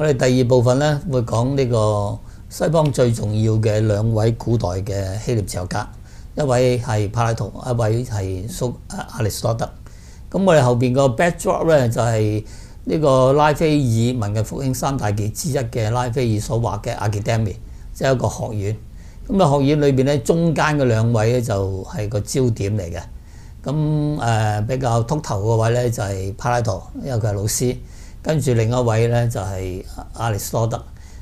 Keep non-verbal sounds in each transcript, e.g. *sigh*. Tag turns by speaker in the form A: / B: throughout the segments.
A: 我哋第二部分咧會講呢個西方最重要嘅兩位古代嘅希臘哲學家，一位係柏拉圖，一位係蘇、啊、亞里士多德。咁我哋後邊個 backdrop 咧就係、是、呢個拉斐爾文藝復興三大傑之一嘅拉斐爾所畫嘅 Academy 即係一個學院。咁啊學院裏邊咧中間嘅兩位咧就係、是、個焦點嚟嘅。咁誒、呃、比較禿頭嘅位咧就係、是、柏拉圖，因為佢係老師。跟住另一位咧就係、是、亞里士多德，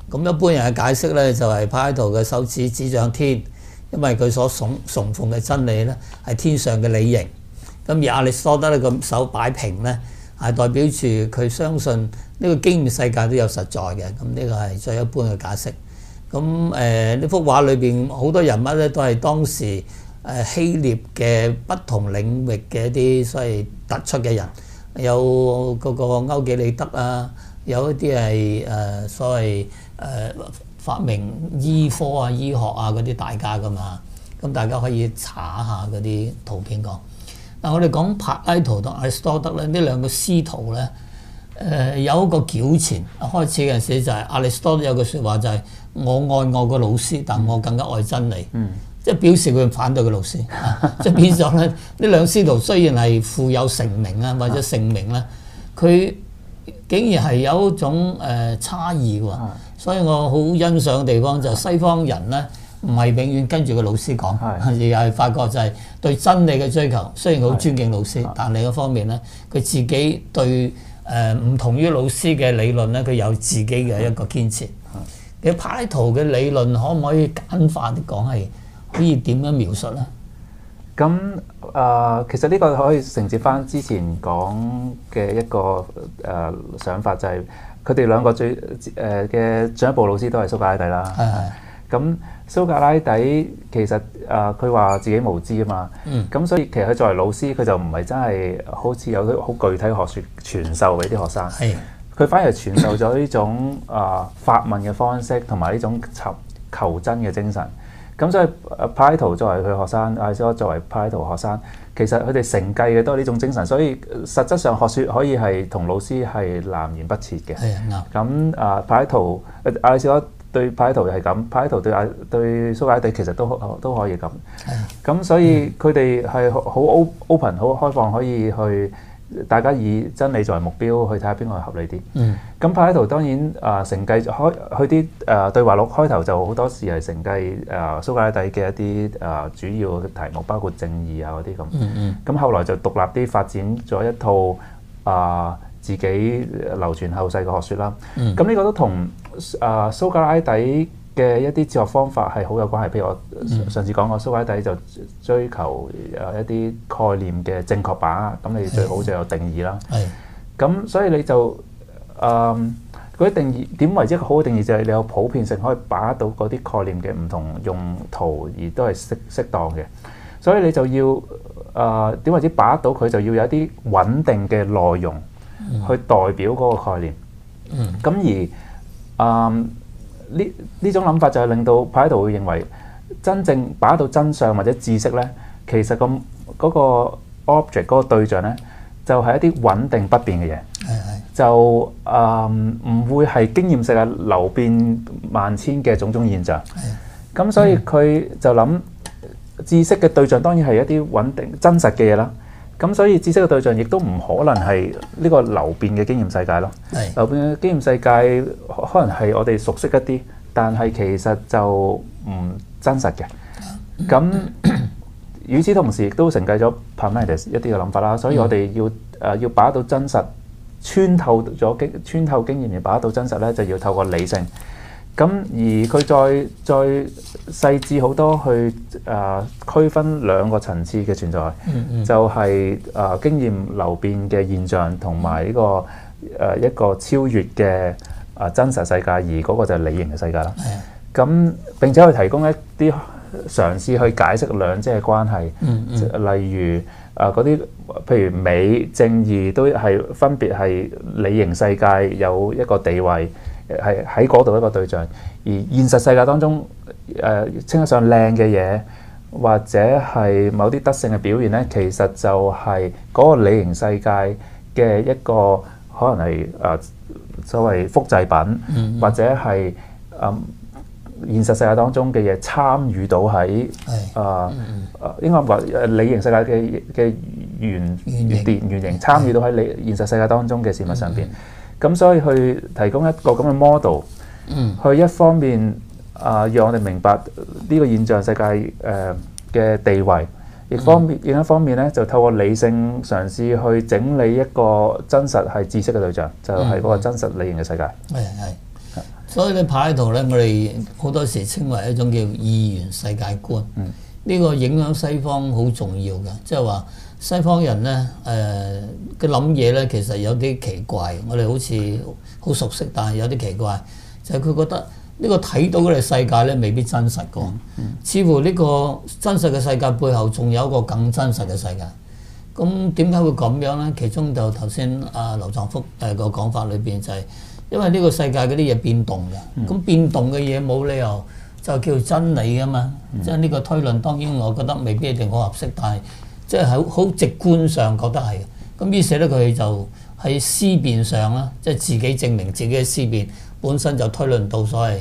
A: 咁、嗯、一般人嘅解釋咧就係柏拉圖嘅手指指向天，因為佢所崇崇奉嘅真理咧係天上嘅理型。咁、嗯、而亞里士多德咧個手擺平咧係代表住佢相信呢個經驗世界都有實在嘅，咁、嗯、呢、這個係最一般嘅解釋。咁誒呢幅畫裏邊好多人物咧都係當時誒、呃、希臘嘅不同領域嘅一啲所謂突出嘅人。有嗰個歐幾里德啊，有一啲係誒所謂誒、呃、發明醫科啊、醫學啊嗰啲大家噶嘛，咁大家可以查下嗰啲圖片講。嗱我哋講柏拉圖同亞里斯多德咧，呢兩個師徒咧，誒、呃、有一個糾纏開始嘅時就係、是、亞里斯多德有句説話就係、是、我愛我個老師，但我更加愛真理。嗯。即表示佢反對嘅老師，即係變咗咧。呢兩師徒雖然係富有盛名啊，或者盛名咧，佢竟然係有一種誒差異喎。所以我好欣賞嘅地方就係西方人咧，唔係永遠跟住個老師講，而係發覺就係對真理嘅追求。雖然好尊敬老師，但另一方面咧，佢自己對誒唔同於老師嘅理論咧，佢有自己嘅一個堅持。你柏拉圖嘅理論可唔可以簡化啲講係？可以點樣描述呢？
B: 咁啊、呃，其實呢個可以承接返之前講嘅一個誒、呃、想法，就係佢哋兩個最誒嘅進一步老師都係蘇格拉底啦。咁是蘇格拉底其實啊，佢、呃、話自己無知啊嘛。咁、嗯、所以其實佢作為老師，佢就唔係真係好似有啲好具體嘅學説傳授俾啲學生。係是。佢反而係傳授咗呢種啊發問嘅方式，同埋呢種求求真嘅精，精神。咁所以，柏拉圖作為佢學生，亞里士多德作為柏拉圖學生，其實佢哋承繼嘅都係呢種精神，所以實質上學説可以係同老師係南轅北轍嘅。係啊，咁啊柏拉圖，亞里士多德對柏拉圖係咁，柏拉圖對對蘇格拉底其實都可都可以咁。係啊，咁所以佢哋係好 open 好開放，可以去。大家以真理作為目標去睇下邊個係合理啲。咁柏拉圖當然啊承繼開去啲誒、呃、對話錄開頭就好多時係承繼誒蘇格拉底嘅一啲誒、呃、主要嘅題目，包括正義啊嗰啲咁。咁、嗯嗯、後來就獨立啲發展咗一套啊、呃、自己流傳後世嘅學說啦。咁呢、嗯嗯、個都同啊、呃、蘇格拉底嘅一啲哲學方法係好有關係，譬如我上次講過，蘇格拉底就追求誒一啲概念嘅正確把握。咁你最好就有定義啦。係的。咁所以你就誒嗰啲定義點為之一個好嘅定義？定義就係你有普遍性，可以把握到嗰啲概念嘅唔同用途而都係適適當嘅。所以你就要誒點、呃、為之把握到佢就要有一啲穩定嘅內容去代表嗰個概念。嗯。咁、嗯、而誒。嗯呢呢種諗法就係令到柏拉圖會認為，真正把握到真相或者知識咧，其實個嗰 object 嗰個對象咧，就係、是、一啲穩定不變嘅嘢，是是是就誒唔、呃、會係經驗世界流變萬千嘅種種現象，係咁是是 所以佢就諗、嗯、知識嘅對象當然係一啲穩定真實嘅嘢啦。咁所以知識嘅對象亦都唔可能係呢個流變嘅經驗世界咯。是流變嘅經驗世界可能係我哋熟悉一啲，但係其實就唔真實嘅。咁 *laughs* 與此同時亦都承繼咗 Parmenides 一啲嘅諗法啦，所以我哋要誒、呃、要把握到真實穿透咗經穿透經驗而把握到真實咧，就要透過理性。咁而佢再再細緻好多去啊、呃、區分兩個層次嘅存在，嗯嗯就係、是、啊、呃、經驗流變嘅現象，同埋呢個誒、呃、一個超越嘅啊、呃、真實世界，而嗰個就係理形嘅世界啦。咁、嗯嗯、並且去提供一啲嘗試去解釋兩者嘅關係，嗯嗯例如啊嗰啲譬如美正義都係分別係理形世界有一個地位。係喺嗰度一個對象，而現實世界當中，誒、呃、稱得上靚嘅嘢，或者係某啲德性嘅表現咧，其實就係嗰個理型世界嘅一個可能係誒、呃、所謂複製品，嗯、或者係誒、呃、現實世界當中嘅嘢參與到喺誒誒應該唔講理型世界嘅嘅原原型型型參與到喺理現實世界當中嘅事物上邊。嗯嗯咁、嗯、所以去提供一個咁嘅 model，去一方面啊、呃、讓我哋明白呢個現象世界誒嘅、呃、地位，亦方面另一方面咧就透過理性嘗試去整理一個真實係知識嘅對象，就係、是、嗰個真實理型嘅世界。係係、
A: 嗯嗯，所以柏拉圖呢排度咧，我哋好多時稱為一種叫二元世界觀。嗯。呢個影響西方好重要嘅，即係話西方人呢，誒嘅諗嘢呢，其實有啲奇怪。我哋好似好熟悉，但係有啲奇怪，就係、是、佢覺得呢個睇到嘅世界呢，未必真實嘅。嗯嗯、似乎呢個真實嘅世界背後，仲有一個更真實嘅世界。咁點解會咁樣呢？其中就頭先阿劉壯福誒個講法裏邊就係，因為呢個世界嗰啲嘢變動嘅，咁、嗯嗯、變動嘅嘢冇理由。就叫真理啊嘛！即係呢個推論，當然我覺得未必一定好合適，但係即係好好直觀上覺得係。咁於是咧，佢就喺思辨上啦，即係自己證明自己嘅思辨本身就推論到所謂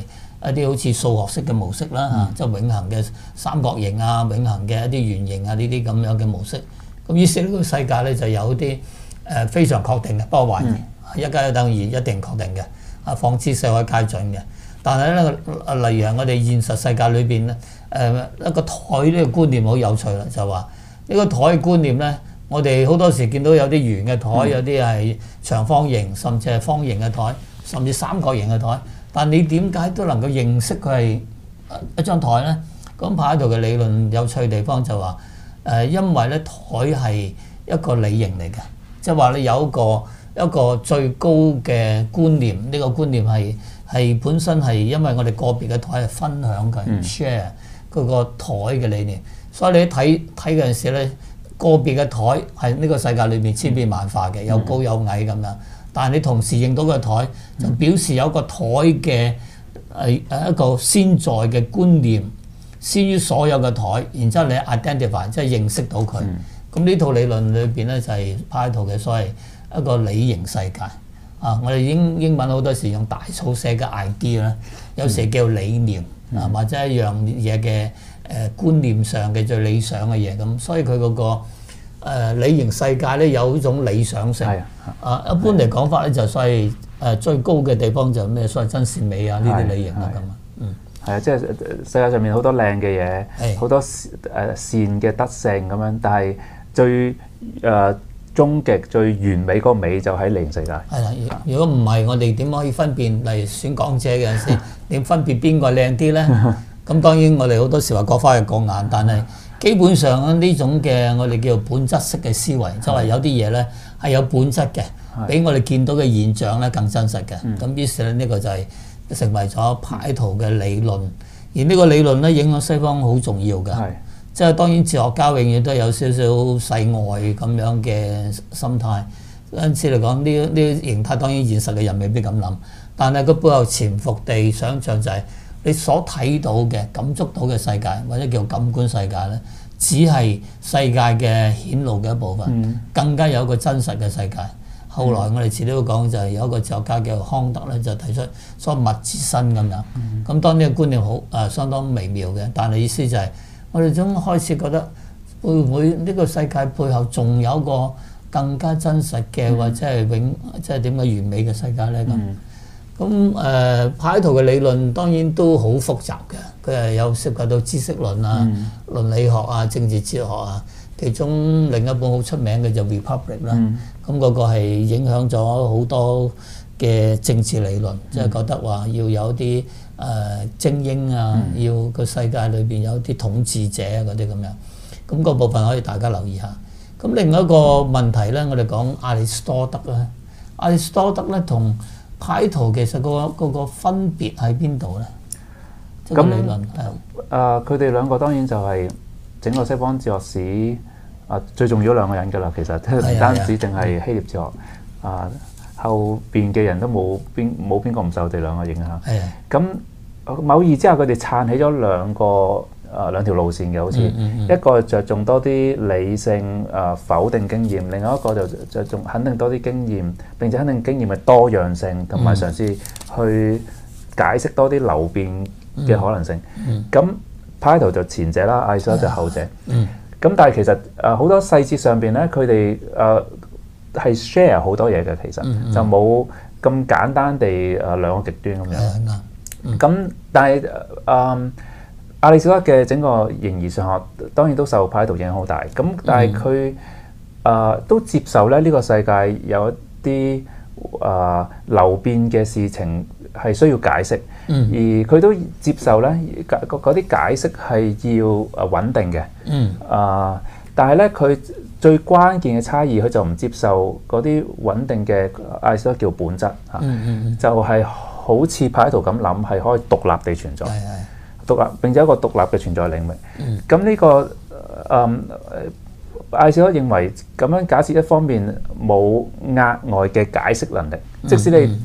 A: 一啲好似數學式嘅模式啦，嚇、嗯，即係永恆嘅三角形啊，永恆嘅一啲圓形啊，呢啲咁樣嘅模式。咁於是呢個世界咧就有啲誒非常確定嘅，包括懷疑一加一等於二一定確定嘅，啊，放之四海皆準嘅。但係咧，例如我哋現實世界裏邊咧，誒、呃、一個台呢個觀念好有趣啦，就話呢、這個台嘅觀念咧，我哋好多時見到有啲圓嘅台，嗯、有啲係長方形，甚至係方形嘅台，甚至三角形嘅台。但你點解都能夠認識佢係一張台咧？咁柏拉圖嘅理論有趣地方就話誒、呃，因為咧台係一個理型嚟嘅，即係話你有一個一個最高嘅觀念，呢、這個觀念係。係本身係因為我哋個別嘅台係分享嘅，share 嗰個台嘅理念。所以你睇睇嗰陣時咧，個別嘅台係呢個世界裏面千變萬化嘅，有高有矮咁樣。但係你同時認到個台，就表示有個台嘅係係一個先在嘅觀念，先於所有嘅台，然之後你 identify 即係認識到佢。咁呢、嗯嗯、套理論裏邊咧就係柏拉圖嘅所謂一個理型世界。啊！Uh, 我哋英英文好多時用大草寫嘅 idea 啦、嗯，有時叫理念，嗯、啊或者一樣嘢嘅誒觀念上嘅最理想嘅嘢咁，所以佢嗰、那個、呃、理形世界咧有一種理想性。啊。啊啊一般嚟講法咧，就係所謂誒最高嘅地方就咩？所謂真善美啊，呢啲理形咁啊。啊嗯，
B: 係啊，即、就、係、是、世界上面好多靚嘅嘢，好多誒善嘅德性咁樣，但係最誒。呃呃終極最完美嗰美就喺零食
A: 啦。係啦，如果唔係，我哋點可以分辨例如選港姐嘅先？點 *laughs* 分別邊個靚啲咧？咁當然我哋好多時話講花去講眼，但係基本上呢種嘅我哋叫做本質式嘅思維，即係有啲嘢咧係有本質嘅，的比我哋見到嘅現象咧更真實嘅。咁於是咧的呢個就係成為咗柏拉圖嘅理論，而呢個理論咧影響西方好重要嘅。即係當然，哲學家永遠都有少少世外咁樣嘅心態。因此嚟講，呢呢形態當然現實嘅人未必咁諗，但係佢背後潛伏地想像就係、是、你所睇到嘅、感觸到嘅世界，或者叫感官世界咧，只係世界嘅顯露嘅一部分。嗯、更加有一個真實嘅世界。後來我哋遲啲會講，就係有一個哲學家叫康德咧，就提出所謂物自身咁樣。咁當呢個觀念好誒、呃，相當微妙嘅，但係意思就係、是。我哋始終開始覺得會唔會呢個世界背後仲有一個更加真實嘅、嗯、或者係永即係點樣完美嘅世界呢？咁咁誒柏拉圖嘅理論當然都好複雜嘅，佢係有涉及到知識論啊、倫、嗯、理學啊、政治哲學啊。其中另一本好出名嘅就 Republic 啦，咁嗰、嗯、個係影響咗好多嘅政治理論，即係、嗯、覺得話要有啲。誒、呃、精英啊，要個世界裏邊有啲統治者嗰啲咁樣，咁、嗰個部分可以大家留意下。咁另外一個問題咧，我哋講亞里士多德啦，亞里士多德咧同柏拉圖其實、嗰個嗰、嗰個分別喺邊度咧？咁、就是、理論
B: 誒，佢哋、嗯、是兩個當然就係整個西方哲學史啊最重要兩個人㗎啦，其實、啊、即係唔單止淨係希臘哲學啊。後邊嘅人都冇邊冇邊個唔受我哋兩個影響。係。咁某意之下，佢哋撐起咗兩個誒兩條路線嘅，好似一個著重多啲理性誒否定經驗，另外一個就著重肯定多啲經驗，並且肯定經驗嘅多樣性，同埋嘗試去解釋多啲流變嘅可能性。嗯。咁柏拉圖就前者啦，亞氏就後者。嗯。咁但係其實誒好多細節上邊咧，佢哋誒。係 share 好多嘢嘅，其實嗯嗯就冇咁簡單地誒、呃、兩個極端咁樣。咁、嗯、但係、呃、阿阿里士多德嘅整個形而上學，當然都受柏拉圖影響好大。咁但係佢誒都接受咧，呢、呢個世界有一啲誒、呃、流變嘅事情係需要解釋。嗯、而佢都接受咧，嗰啲解釋係要誒穩定嘅。誒、嗯呃，但係咧佢。最關鍵嘅差異，佢就唔接受嗰啲穩定嘅艾斯洛叫本質，嗯嗯啊、就係、是、好似派圖咁諗，係可以獨立地存在，嗯嗯、獨立並且有一個獨立嘅存在領域。咁呢、嗯這個誒、嗯、艾斯洛認為咁樣假設一方面冇額外嘅解釋能力，嗯嗯、即使你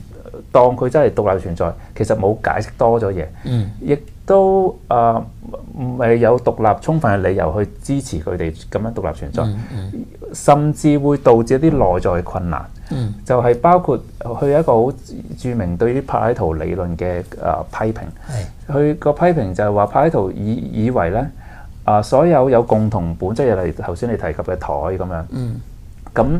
B: 當佢真係獨立存在，其實冇解釋多咗嘢。一、嗯嗯都誒唔係有獨立充分嘅理由去支持佢哋咁樣獨立存在，mm hmm. 甚至會導致一啲內在嘅困難。Mm hmm. 就係包括佢有一個好著名對於柏拉圖理論嘅誒、呃、批評。佢、mm hmm. 個批評就係話柏拉圖以以為咧誒、呃、所有有共同本質嘅，例如頭先你提及嘅台咁樣。咁、mm hmm.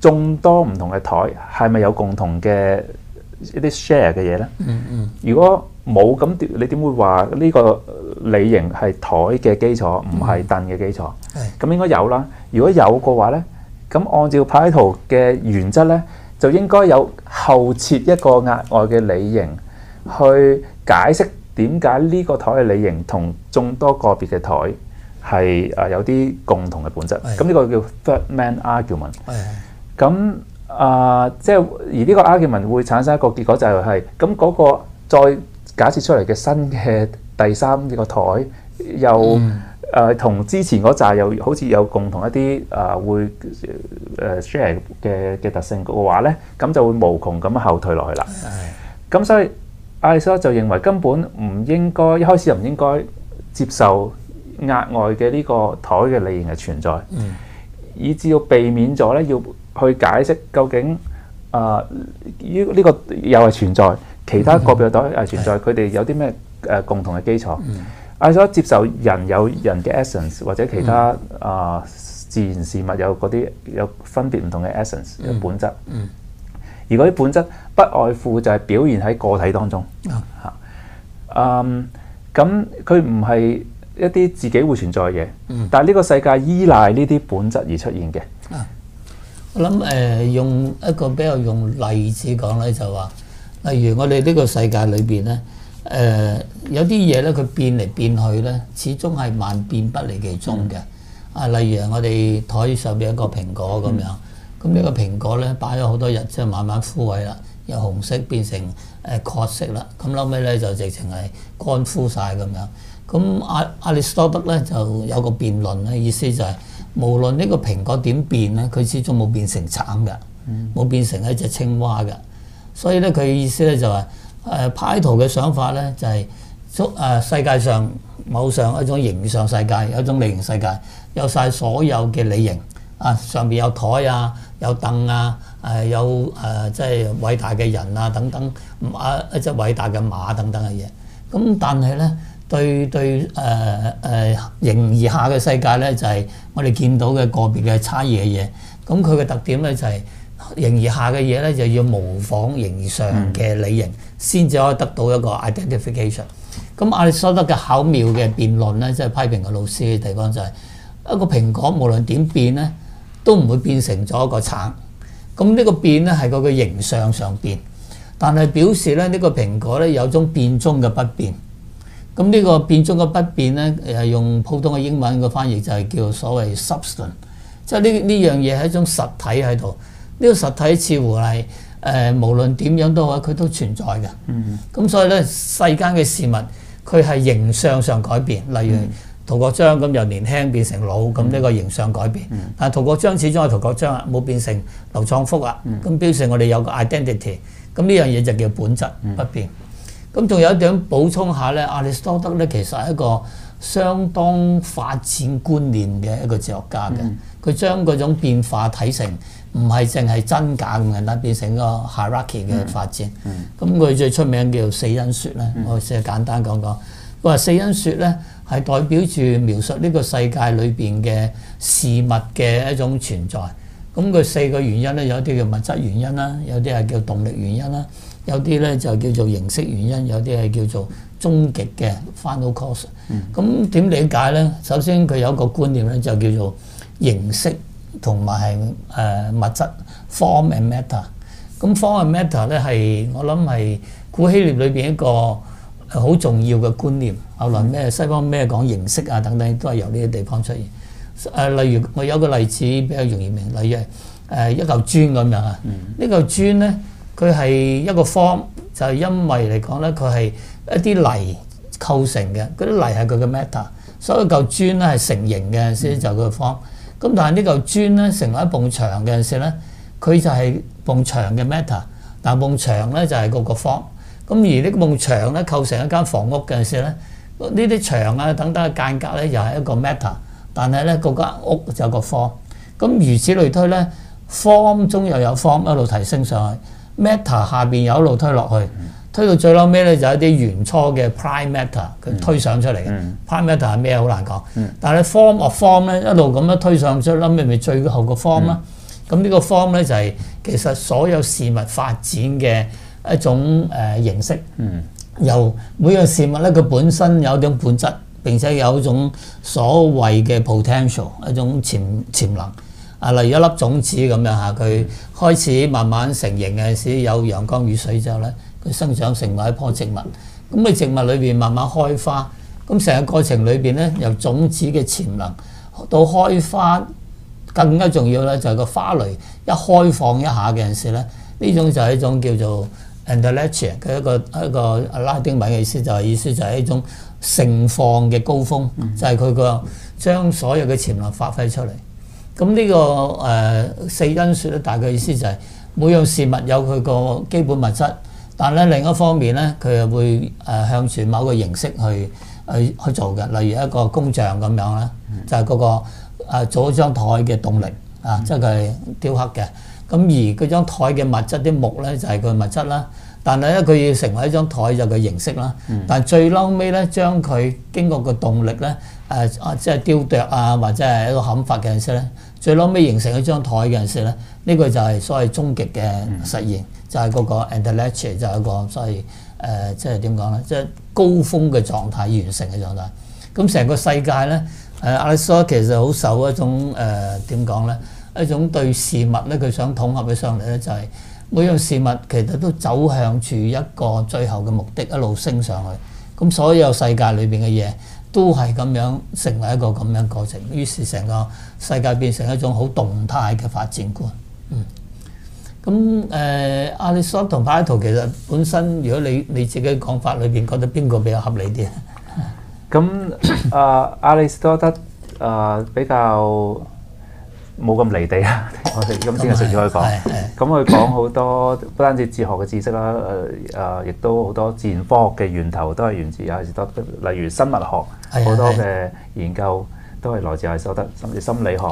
B: 眾多唔同嘅台係咪有共同嘅一啲 share 嘅嘢咧？嗯嗯、
A: mm。Hmm.
B: 如果冇咁，你點會話呢個理型係台嘅基礎，唔係凳嘅基礎？係、mm。咁、hmm. 應該有啦。如果有嘅話咧，咁按照柏拉圖嘅原則咧，就應該有後設一個額外嘅理型去解釋點解呢個台嘅理型同眾多個別嘅台係誒有啲共同嘅本質。咁呢、mm hmm. 個叫 third man argument。係、mm hmm. mm hmm. 咁啊，即係而呢個 argument 會產生一個結果就係，咁嗰個再假設出嚟嘅新嘅第三個枱，又誒同之前嗰紮又好似有共同一啲誒會誒 share 嘅嘅特性嘅話咧，咁就會無窮咁後退落去啦。咁所以亞里士多德就認為根本唔應該一開始就唔應該接受額外嘅呢個枱嘅理型嘅存在，以致到避免咗咧要。去解釋究竟啊，依、呃、呢、這個又係存在，其他個別袋係存在，佢哋有啲咩誒共同嘅基礎？我、嗯、所接受人有人嘅 essence，或者其他啊、嗯呃、自然事物有嗰啲有分別唔同嘅 essence，嘅本質。而嗰啲本質不外乎就係表現喺個體當中嚇、嗯嗯。嗯，咁佢唔係一啲自己會存在嘅嘢，嗯、但係呢個世界依賴呢啲本質而出現嘅。
A: 我諗誒、呃、用一個比較用例子講咧，就話例如我哋呢個世界裏邊咧，誒有啲嘢咧佢變嚟變去咧，始終係萬變不離其宗嘅。啊，例如我哋枱、呃嗯、上面一個蘋果咁樣，咁、嗯、呢個蘋果咧擺咗好多日，即係慢慢枯萎啦，由紅色變成誒褐色啦，咁撈尾咧就直情係乾枯晒咁樣。咁阿亞里士多德咧就有個辯論咧，意思就係、是。無論呢個蘋果點變咧，佢始終冇變成橙嘅，冇、嗯、變成一隻青蛙嘅。所以咧，佢嘅意思咧就係、是，誒柏拉圖嘅想法咧就係、是，喺、啊、誒世界上某上一種形上世界有一種理型世界，有晒所有嘅理型啊，上邊有台啊，有凳啊，誒、呃、有誒即係偉大嘅人啊等等，一隻偉大嘅馬等等嘅嘢。咁但係咧。對對誒誒、呃呃、形而下嘅世界咧，就係、是、我哋見到嘅個別嘅差異嘅嘢。咁佢嘅特點咧就係、是、形而下嘅嘢咧，就要模仿形而上嘅理型，先至、嗯、可以得到一個 identification。咁亞里士多德嘅巧妙嘅辯論咧，即、就、係、是、批評個老師嘅地方就係、是、一個蘋果，無論點變咧，都唔會變成咗一個橙。咁呢個變咧係個個形象上變，但係表示咧呢、這個蘋果咧有種變中嘅不變。咁呢個變中嘅不變咧，誒用普通嘅英文嘅翻譯就係叫所謂 substance，即係呢呢樣嘢係一種實體喺度。呢、這個實體似乎係誒、呃、無論點樣都好，佢都存在嘅。咁、嗯、所以咧世間嘅事物，佢係形象上改變。例如陶國章咁由年輕變成老，咁呢、嗯、個形象改變。嗯、但陶國章始終係陶國章啊，冇變成劉創福啊。咁、嗯、表示我哋有個 identity。咁呢樣嘢就叫本質不變。嗯嗯咁仲有一點補充下咧，亞里士多德咧其實係一個相當發展觀念嘅一個哲學家嘅，佢、嗯、將嗰種變化睇成唔係淨係真假咁簡單，變成一個 hierarchy 嘅發展。咁佢、嗯嗯嗯、最出名叫四因説咧，嗯、我試下簡單講講。佢話四因説咧係代表住描述呢個世界裏邊嘅事物嘅一種存在。咁佢四個原因咧，有啲叫物質原因啦，有啲係叫動力原因啦。有啲咧就叫做形式原因，有啲係叫做終極嘅 final cause。咁點理解咧？首先佢有一個觀念咧，就叫做形式同埋係誒物質 form and matter。咁 form and matter 咧係我諗係古希臘裏邊一個好重要嘅觀念。後來咩西方咩講形式啊等等，都係由呢啲地方出現。誒、呃，例如我有個例子比較容易明，例如誒、呃、一嚿磚咁樣啊，嗯、個磚呢嚿磚咧。佢係一個方，就係因為嚟講咧，佢係一啲泥構，構成嘅。嗰啲泥係佢嘅 matter，所以嚿磚咧係成形嘅先就係佢個方。咁但係呢嚿磚咧成為一埲牆嘅陣時咧，佢就係埲牆嘅 matter。但係埲牆咧就係個個方。咁而呢埲牆咧構成一間房屋嘅陣時咧，呢啲牆啊等等嘅間隔咧又係一個 matter。但係咧個間屋就有個方。咁如此類推咧，方中又有方，一路提升上去。matter 下邊有一路推落去，推到最嬲尾咧就一啲原初嘅 prime matter，佢、嗯、推上出嚟嘅、嗯、prime matter 係咩？好難講。嗯、但係你 form of form 咧一路咁樣推上出嚟，撈尾咪最後 form 呢、嗯、個 form 啦。咁呢個 form 咧就係、是、其實所有事物發展嘅一種誒、呃、形式。嗯。由每樣事物咧，佢本身有一種本質，並且有一種所謂嘅 potential 一種潛潛能。啊！例如一粒種子咁樣嚇，佢開始慢慢成型嘅陣時，有陽光與水之後咧，佢生長成為一棵植物。咁佢植物裏邊慢慢開花，咁成個過程裏邊咧，由種子嘅潛能到開花，更加重要咧就係個花蕾一開放一下嘅陣時咧，呢種就係一種叫做 e n d l e t s 嘅一個一個,一個拉丁文嘅意思，就係意思就係一種盛放嘅高峰，就係佢個將所有嘅潛能發揮出嚟。咁呢、這個誒、呃、四因説咧，大概意思就係、是、每樣事物有佢個基本物質，但咧另一方面咧，佢又會誒向住某個形式去去、呃、去做嘅。例如一個工匠咁樣啦，就係、是、嗰、那個、啊、做一張台嘅動力啊，即係佢係雕刻嘅。咁而嗰張台嘅物質啲木咧，就係佢個物質啦。但係咧，佢要成為一張台就係個形式啦。但係最撈尾咧，將佢經過個動力咧誒啊，即係雕琢啊，或者係一個砍伐嘅形式咧。最攞尾形成一張台嘅陣時咧，呢、這個就係所謂終極嘅實現，就係、是、嗰個 intellectual 就係一個所謂誒、呃，即係點講咧，即係高峰嘅狀態，完成嘅狀態。咁、嗯、成個世界咧、啊，Aristotle 其實好受一種誒點講咧，一種對事物咧，佢想統合起上嚟咧，就係每樣事物其實都走向住一個最後嘅目的，一路升上去。咁、嗯、所有世界裏邊嘅嘢。都係咁樣成為一個咁樣過程，於是成個世界變成一種好動態嘅發展觀。嗯，咁誒，亞、呃、里士多德柏拉圖其實本身，如果你你自己講法裏邊，覺得邊個比較合理啲、嗯、
B: *laughs* 啊？咁阿亞里士多德誒、呃、比較。冇咁離地啊！我哋今次係隨住可以講，咁佢講好多，不單止哲學嘅知識啦，誒、呃、誒、呃，亦都好多自然科學嘅源頭都係源自亞里士多德，例如生物學，好多嘅研究都係來自亞里士多德，甚至心理學。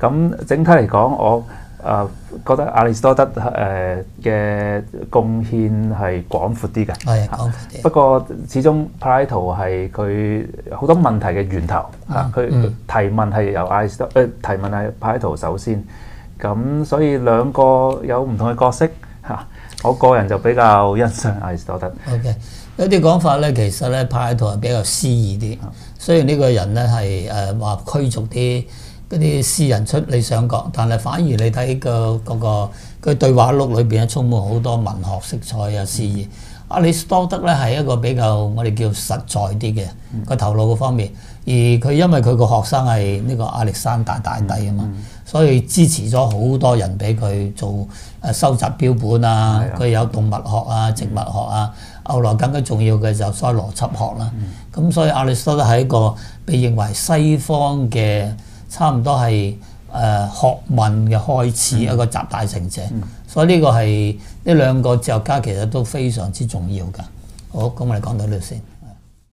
B: 咁整體嚟講，我。誒覺得亞里士多德誒嘅貢獻係廣闊啲嘅，係廣闊啲。不過始終柏拉圖係佢好多問題嘅源頭，嚇佢提問係由亞里士多誒提問係柏拉圖首先，咁所以兩個有唔同嘅角色嚇。我個人就比較欣賞亞里士多德。OK，
A: 有啲講法咧，其實咧柏拉圖係比較詩意啲。雖然呢個人咧係誒話驅逐啲。嗰啲詩人出你上角，但係反而你睇、那個嗰、那個佢、那個、對話錄裏邊咧，充滿好多文學色彩啊，詩意。嗯、亞里士多德咧係一個比較我哋叫實在啲嘅個頭腦嘅方面，而佢因為佢個學生係呢個亞歷山大大帝啊嘛，嗯嗯、所以支持咗好多人俾佢做誒收集標本啊，佢、嗯、有動物學啊、植物學啊，後來、嗯、更加重要嘅就係邏輯學啦、啊。咁、嗯嗯、所以亞里士多德係一個被認為西方嘅。差唔多係誒、呃、學問嘅開始，嗯、一個集大成者，嗯、所以呢個係呢兩個哲學家其實都非常之重要㗎。好，咁我哋講到呢度先。